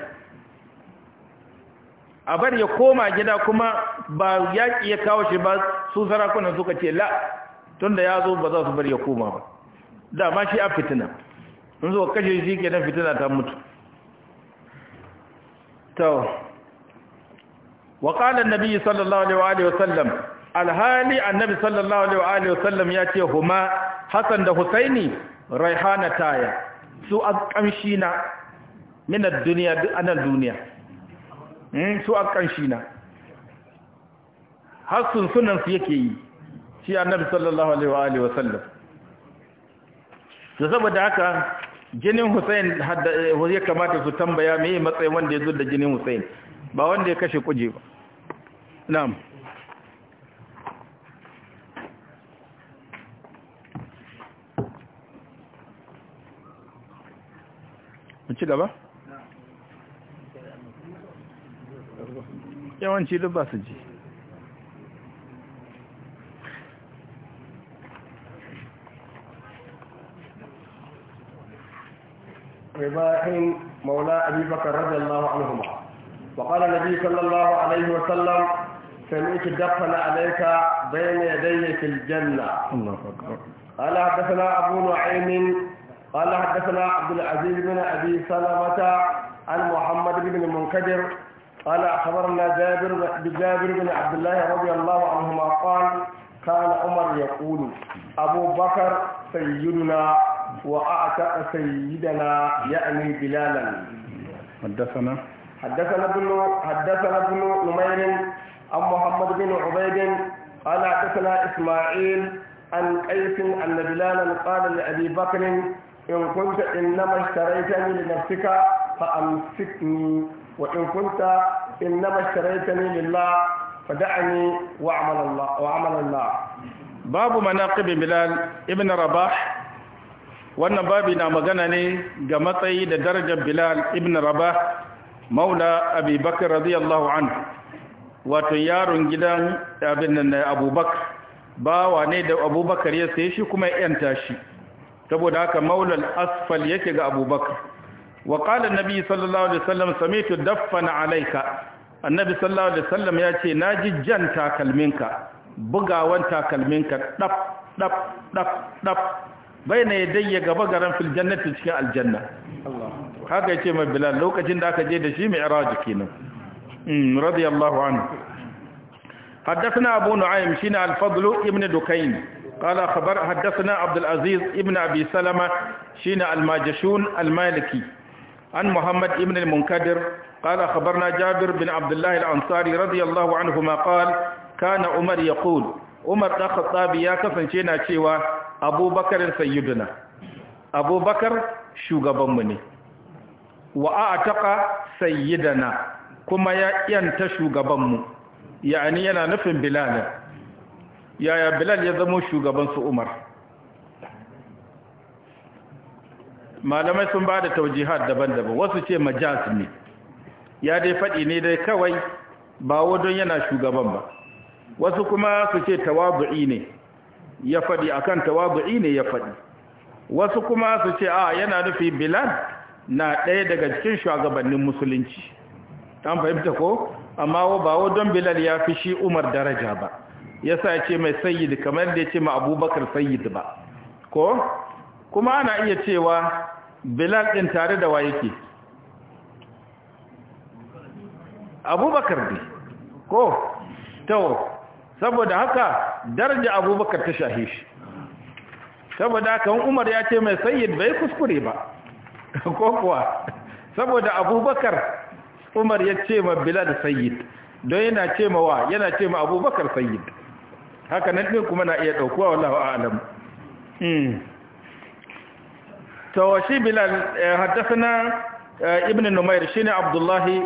a bar ya koma gida kuma ba yaƙi ya kawo shi ba su sarakunan suka ce la tunda ya zo ba za su bar ya koma ba dama shi a fitina in zo kashe shi nan fitina ta mutu to wa qala an-nabi sallallahu alaihi wa sallam alhali annabi sallallahu alaihi wa sallam ya ce huma hasan da husaini raihana taya su azkamshi na min ad-dunya anan duniya Hmm, su a shi na har sunsunan su yake yi shi annabi sallallahu alaihi wa sallam da saboda haka jinin Hussein eh, ya kamata su tambaya me matsayin wanda ya zo da jinin Hussein ba wanda ya kashe kuje ba na'am ci gaba yawanci duk ba ji ribahin maula abubakar rajin lahu alhuma wa kwanan na biyu sallallahu alaihi wasallam sami iki dafana alaika bayan ya danye filjanna ala haddasana abu nu'aimin ala haddasana abu al'azizu bin abi salamata bin munkadir قال أخبرنا جابر بجابر بن عبد الله رضي الله عنهما قال كان عمر يقول أبو بكر سيدنا وأعتق سيدنا يعني بلالا حدثنا حدثنا ابن حدثنا ابن نمير عن محمد بن عبيد قال حدثنا إسماعيل عن قيس أن بلالا قال لأبي بكر إن كنت إنما اشتريتني لنفسك فأمسكني وإن كنت إنما اشتريتني لله فدعني وعمل الله وعمل الله باب مناقب بلال ابن رباح wannan babi na magana ne ga matsayi da darajar Bilal ibn Rabah maula Abi Bakr radiyallahu wato yaron gidan abin ne da Abu ya sai shi kuma ya yanta shi saboda haka maulal asfal yake ga Abu wa ƙada sallallahu alaihi sallam sami tu daffana alaika annabi sallallahu alaihi sallam ya ce na ji jan takalminka bugawan takalminka ɗaf ɗaf ɗaf ɗaf bai na ya dayya gaba garan filjannatin cikin aljanna haka ya ce mai bilal lokacin da aka je da shi mai iraji kenan hmm, radiyallahu anhu حدثنا أبو نعيم شنا الفضل ابن دكين قال خبر حدثنا عبد العزيز ابن أبي سلمة شنا الماجشون المالكي عن محمد بن المنكدر قال أخبرنا جابر بن عبد الله الأنصاري رضي الله عنهما قال كان عمر يقول عمر بن الخطاب يا كسنشينا شيوا أبو بكر سيدنا أبو بكر شوغبمني وأعتق سيدنا كما ينت شوغبمو يعني أنا نفهم بلالا يا يا بلال يزمو شوغبن عمر malamai sun ba da taujihar daban-daban wasu ce majaz ne ya dai faɗi ne dai kawai ba wadon yana shugaban ba wasu kuma su ce tawabu'i ne ya faɗi akan tawabu'i ne ya faɗi wasu kuma su ce a yana nufi bilal na ɗaya daga cikin shugabannin musulunci an fahimta ko amma ba wadon bilal ya fi shi umar daraja ba ya sa ce mai sayyid kamar da ya ce ma abubakar sayyid ba ko kuma ana iya cewa bilal din tare da wa yake abubakar ne ko to saboda haka daraja abubakar ta shahi shi saboda haka umar ya ce mai sayyid bai kuskure ba ko kuwa saboda abubakar umar ya ce ma bilal sayyid don yana ce ma wa yana ce ma abubakar sayyid haka nan din kuma na iya daukuwa wallahu a'lam alamu. Hmm. توشي shi حدثنا ابن نمير شين عبد الله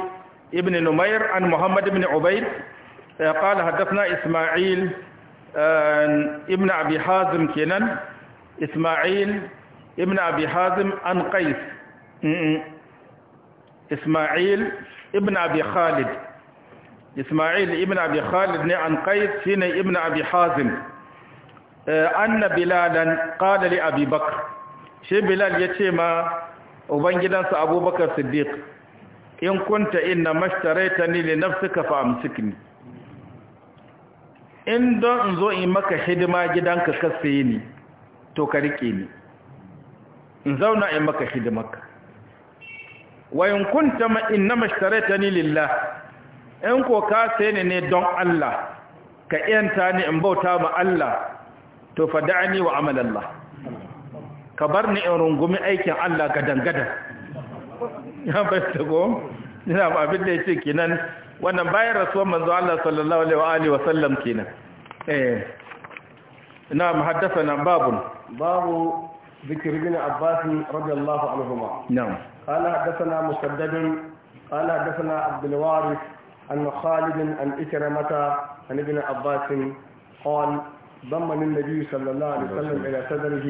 ابن نمير عن محمد بن عبيد قال حدثنا إسماعيل ابن أبي حازم كنان إسماعيل ابن أبي حازم عن قيس إسماعيل ابن أبي خالد إسماعيل ابن أبي خالد عن قيس هنا ابن أبي حازم أن بلالا قال لأبي بكر shi bilal ya ce ma ubangidansa abubakar siddiq in kunta inna mashtaraita ni li nafsika fa amsikni in don in zo in maka hidima gidanka ka saye ni to ka rike ni in zauna in maka hidimarka wa in kunta inna mashtaraita ni lillah in ko ka saye ni ne don Allah ka iyanta ni in bauta ma Allah to fada'ani wa amal Allah ka bar ni irin gumi aikin Allah gadangadan ya bai tago ina ba abin da ya ce kinan wannan bayan rasuwan manzo Allah sallallahu alaihi wa sallam kinan eh ina muhaddasa haddasa nan babun babu zikir bin abbas radiyallahu anhu ma na'am qala haddathana musaddad qala haddathana abd alwarith anna khalid an ikramata an ibn abbas qala ضمن النبي صلى الله عليه وسلم إلى صدره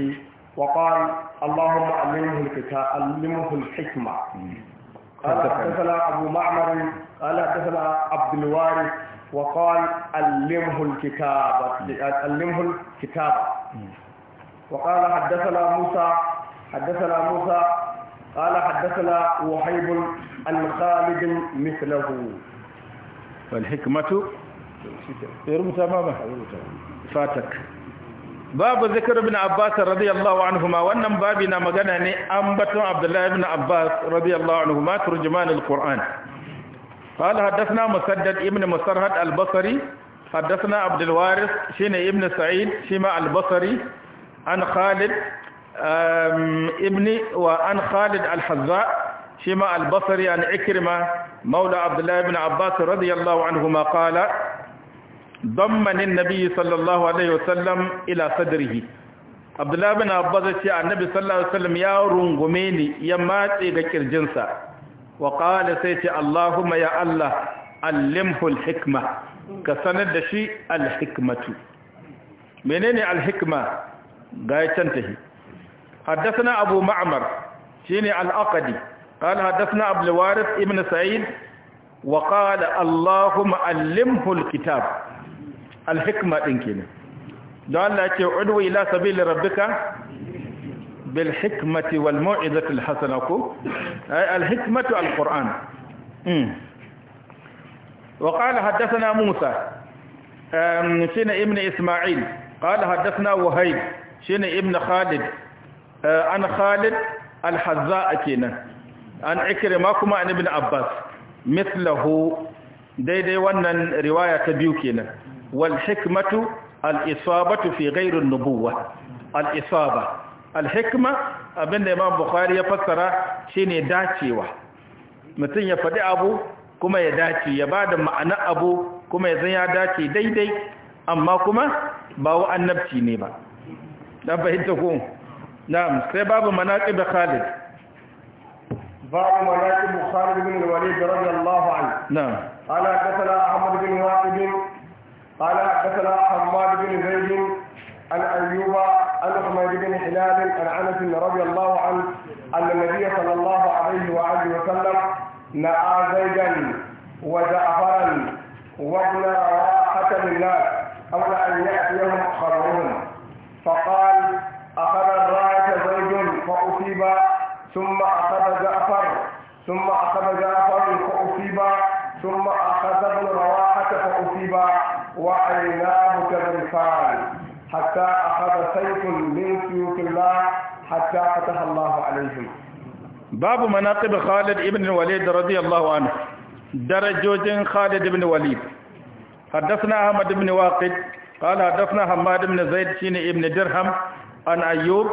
وقال اللهم علمه الكتاب علمه الحكمة قال حدثنا أبو معمر قال حدثنا عبد الوارث وقال علمه الكتاب علمه الكتاب وقال حدثنا موسى حدثنا موسى قال حدثنا وحيب عن خالد مثله فالحكمة يرمى تماما فاتك babu zikir ibn abbas radiyallahu anhuma wannan babu na magana ne ambaton abdullahi ibn abbas radiyallahu anhuma turjuman alquran qala hadathna musaddad ibn musarhad albasri hadathna abdul warith shine ibn sa'id shima albasri an khalid um, ibn wa an khalid alhazza shima albasri an ikrima mawla abdullahi ibn abbas radiyallahu anhuma qala dammanin nabi sallallahu alaihi wasallam ila sadrihi abdullahi bin abbas ce annabi sallallahu alaihi wasallam ya rungume ni ya matse ga kirjinsa wa qala sai ce allahumma ya allah allimhu alhikma ka sanar shi alhikmatu menene alhikma ga yatan tahi haddathana abu ma'mar shine alaqdi قال حدثنا عبد الوارث ابن سعيد وقال اللهم علمه الكتاب alhikma ɗin kenan don Allah ce udu ila sabili rabbika bil hikmati wal mau'izati al hasana ko ay al hikmatu al qur'an hmm. wa qala haddathana musa um, shine ibn isma'il qala haddathana wahayb shine ibn khalid uh, an khalid al hazza kenan an ikrima kuma an ibn abbas mithlahu daidai wannan riwaya ta biyu kenan wal hikmatu al isabatu fi ghayri an nubuwa al isaba al hikma abinda imam bukhari ya fassara ne dacewa mutum ya faɗi abu kuma ya dace ya bada ma'ana abu kuma ya ya dace daidai amma kuma ba wa ne ba dan sai babu Khalid باب مناكب خالد بن الوليد رضي الله عنه نعم قال حدثنا احمد بن واقد قال حدثنا حماد بن زيد عن ايوب عن حماد بن هلال عن انس رضي الله عنه ان النبي صلى الله عليه واله وسلم نعى زيدا وجعفرا وابن راحه للناس قبل ان ياتيهم خبرهم فقال اخذ الرايه زيد فاصيب ثم اخذ جعفر ثم اخذ جعفر كفارا حتى أخذ سيف من سيوف الله حتى فتح الله عليهم باب مناقب خالد ابن الوليد رضي الله عنه درجوج خالد بن وليد حدثنا أحمد بن واقد قال حدثنا حماد بن زيد شين ابن درهم عن أيوب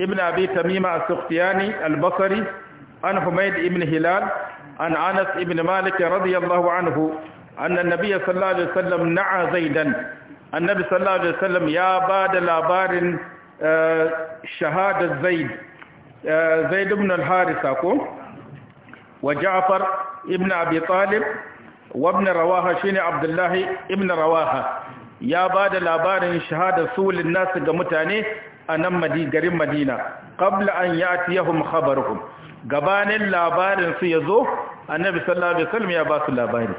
ابن أبي تميمة السختياني البصري عن حميد ابن هلال عن أنس ابن مالك رضي الله عنه annan nabiya sallallahu alaihi wasallam na'a zaidan annabi sallallahu alaihi wasallam ya ba da labarin shahada zaid zaid ibn al-harisa ko wa ja'far ibn abi talib wa ibn rawaha shine abdullah ibn rawaha ya ba da labarin shahada sulin nasu ga mutane a nan garin madina qabla an ya'tiyahum khabaruhum gabanin labarin su yazo annabi sallallahu alaihi wasallam ya ba su labari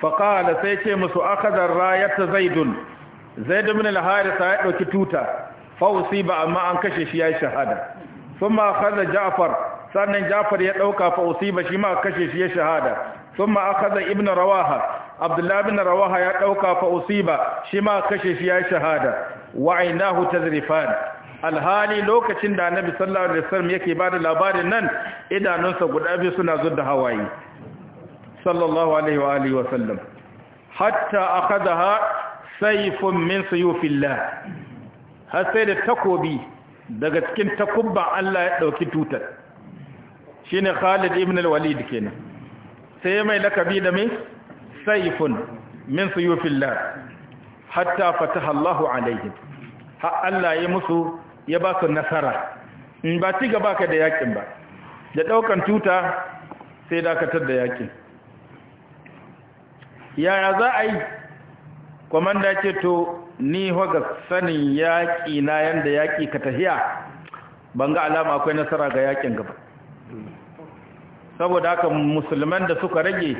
faƙala sai ce musu akadar rayata zaidun zaidu min al-harisa ya ɗauki tuta fausi ba amma an kashe shi ya yi shahada sun ma akaza ja'far sannan ja'far ya ɗauka fausi ba shi ma kashe shi ya shahada sun ma akaza ibn rawaha abdullahi na rawaha ya ɗauka fausi ba shi ma kashe shi ya yi shahada wa'ainahu tazrifan alhali lokacin da annabi sallallahu alaihi wasallam yake ba da labarin nan idanunsa guda biyu suna zudda hawaye sallallahu alaihi wa alihi wa hatta akhadaha sayfun min suyufillah har sai da takobi daga cikin takubban Allah ya dauki tutar shine Khalid ibn al-Walid kenan sai mai lakabi da mai sayfun min suyufillah hatta fataha Allahu alaihim har Allah ya musu ya ba su nasara in ba ci gaba ka da yakin ba da daukan tuta sai dakatar da yakin yaya za a yi kwamanda ce to ni ga sanin yaƙi na yadda yaƙi ka tafiya ban ga alama akwai nasara ga yaƙin gaba saboda haka musulman da suka rage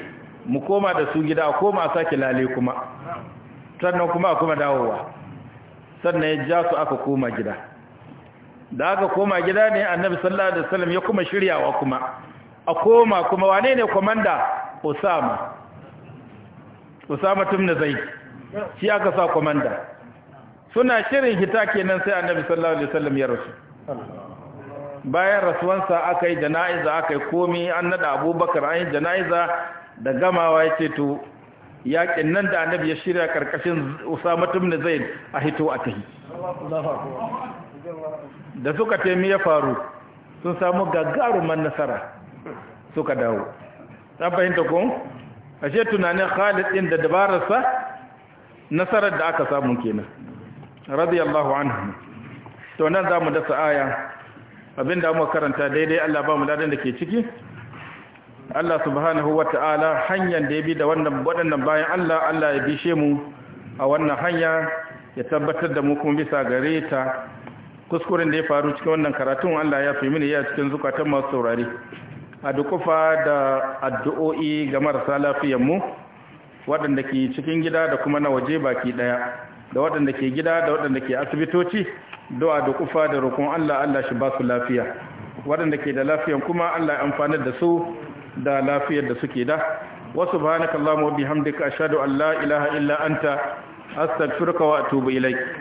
mu koma da su gida koma a sake lale kuma sannan kuma a kuma dawowa sannan ya ja su aka koma gida da aka koma gida ne annabi sallallahu alaihi wasallam ya kuma shiryawa kuma a koma kuma wane ne kwamanda usama usama tun zai shi aka sa kwamanda suna shirin hita kenan sai annabi sallallahu alaihi wasallam ya rasu bayan rasuwansa aka yi jana'iza aka yi komi an nada abubakar an yi jana'iza da gamawa ya ce to yakin nan da annabi ya shirya karkashin usama tun zaid a hito a tafi da suka taimi ya faru sun samu gagaruman nasara suka dawo ta fahimta ko. ashe tunanin Khalid ɗin da dabararsa nasarar da aka samu kenan radiyallahu anhu to nan zamu dasa aya Abin da muka karanta daidai Allah ba mu ladan da ke ciki Allah subhanahu wata'ala hanyar da ya bi da wannan waɗannan bayan Allah Allah ya bishe mu a wannan hanya ya tabbatar da mu kuma bisa gare ta kuskuren da ya faru cikin wannan karatun Allah ya fi mini ya cikin zukatan masu saurari. a da addu'o'i ga marasa mu waɗanda ke cikin gida da kuma na waje baki ɗaya da waɗanda ke gida da waɗanda ke asibitoci do da da roƙon Allah Allah shi ba su lafiya waɗanda ke da lafiyan kuma Allah ya amfana da su da lafiyar da suke da wasu subhanakallahumma wa bihamdika ashhadu an la ilaha illa anta astaghfiruka wa atubu ilaik